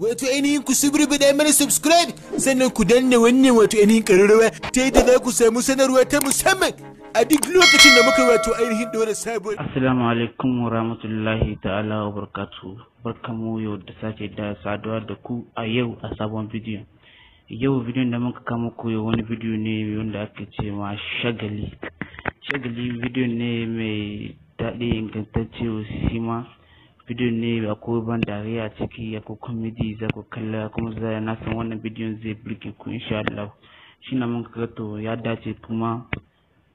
wato ainihin ku subribiɗa mana subscribe sannan ku danna wannan wato ainihin ƙararrawa ta yadda za ku samu sanarwa ta musamman a duk lokacin da muka wato ainihin da sabon. Assalamu alaikum wa rahmatullahi ta'ala wa barkatu mu yau da sake da saduwa da ku a yau a sabon bidiyon. Yau bidiyon da muka kama ku yau wani bidiyo ne wanda aka ce ma shagali. Shagali bidiyo ne mai daɗi ingantacce sima. bidiyon ne ko ban dariya ciki ko komedi za ku kalla kuma za na san wannan bidiyon zai burge ku insha Allah shi na mun kaga to ya dace kuma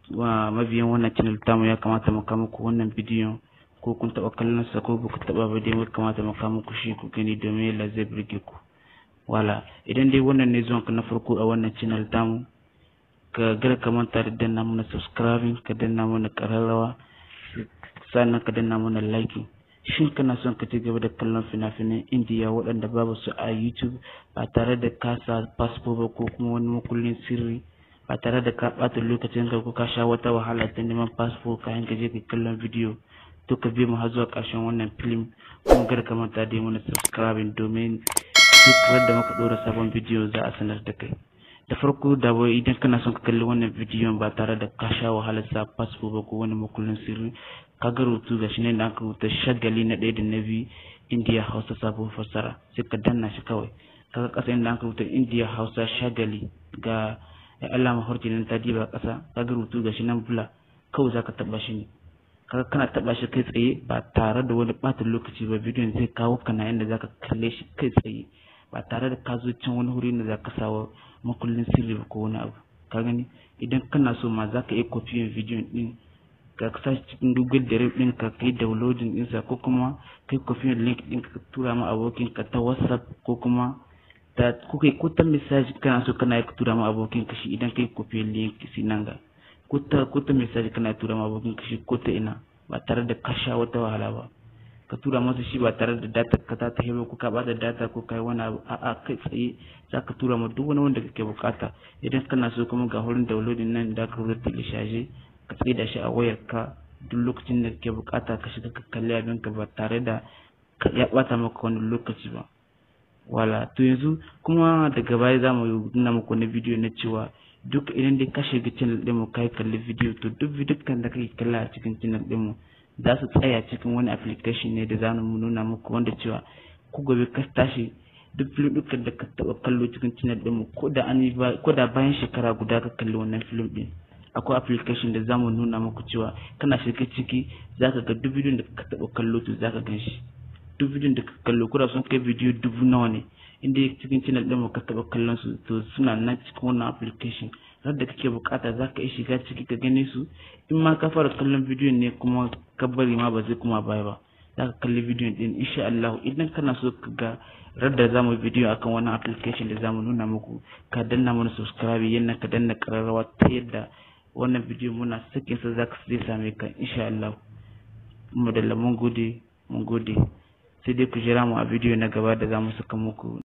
wa mabiyan wannan channel tamu ya kamata mu kama ku wannan bidiyon ko kun taɓa kallon sa ko ba ku taɓa ba dai kamata mu kama ku shi ku gani domin la zai burge ku wala idan dai wannan ne zuwanka na farko a wannan channel tamu ka gara ka manta da danna mana subscribing ka danna mana kararrawa sannan ka danna mana liking shin kana son ka ci gaba da kallon fina-finan indiya waɗanda babu su a youtube ba tare da kasa sa fasfo ba ko kuma wani makullin sirri ba tare da ka ɓata lokacin ka ko sha wata wahala ta neman fasfo ka hanga je ka kallon bidiyo to ka bi mu har zuwa ƙarshen wannan film kuma kar ka manta da mana subscribing domin duk da muka ɗora sabon bidiyo za a sanar da kai da farko da wai idan kana son ka kalli wannan bidiyon ba tare da ka sha wahalar sa fasfo ba ko wani makullin sirri ka ga rutu ga ne da aka rubuta shagali na ɗaya da na biyu indiya hausa sabon fassara sai ka danna shi kawai ga ƙasa inda aka rubuta indiya hausa shagali ga alama horti nan ta diba ƙasa ka ga rutu ga shi nan bula kawai ka taɓa shi ne ga kana taɓa shi kai tsaye ba tare da wani ɓata lokaci ba bidiyon zai kawo kana yadda ka kalle shi kai tsaye ba tare da ka zo can wani wuri ne za ka sawa makullin sirri ko wani abu ka gani idan kana so ma za ka iya kofiyin bidiyon din ka sa shi cikin google drive din ka kai downloading din sa ko kuma kai kofiyin link din ka tura ma abokin ka ta whatsapp ko kuma ta ko kai ko ta message kana so kana iya tura ma abokin ka shi idan kai kofiyin link shi nan ga ko ta ko ta message kana tura ma abokin ka shi ko ta ina ba tare da ka sha wata wahala ba ka tura masa shi ba tare da data ka ta tahi ko ka bada data ko kai wani abu a'a kai tsaye za ka tura ma duk wani wanda kake bukata idan kana so kuma ga wurin downloading nan da ka wurin shaje ka tsaye da shi a wayar ka duk lokacin da kake bukata ka shiga ka kalli abin ka ba tare da ya bata maka wani lokaci ba wala to yanzu kuma daga baya za mu nuna muku na bidiyo na cewa duk idan dai ka shiga channel din mu kai kalli bidiyo to duk bidiyo kan da kake kalla a cikin channel din mu za su tsaya cikin wani application ne da za mu nuna muku wanda cewa ku gobe ka tashi duk filin dukkan da ka taɓa kallo cikin channel da mu ko da bayan shekara guda ka kalli wannan filin ɗin akwai application da zamu nuna muku cewa kana shirka ciki zaka ga duk bidiyon da ka taɓa kallo to zaka gan duk bidiyon da ka kallo kura sun kai bidiyo dubu nawa ne inda cikin channel din mu ka taba kallon su to suna nan cikin wannan application har da kake bukata za ka yi shiga ciki ka gane su in ma ka fara kallon bidiyon ne kuma ka bari ma ba zai kuma baya ba za ka kalli bidiyon din insha Allah idan kana so ka ga radda zamu bidiyo akan wannan application da zamu nuna muku ka danna mana subscribe yana ka danna kararrawa ta yadda wannan bidiyo muna sake sa za ka zai same ka insha Allah mu da mun gode mun gode sai dai ku jira mu a bidiyo na gaba da za mu saka muku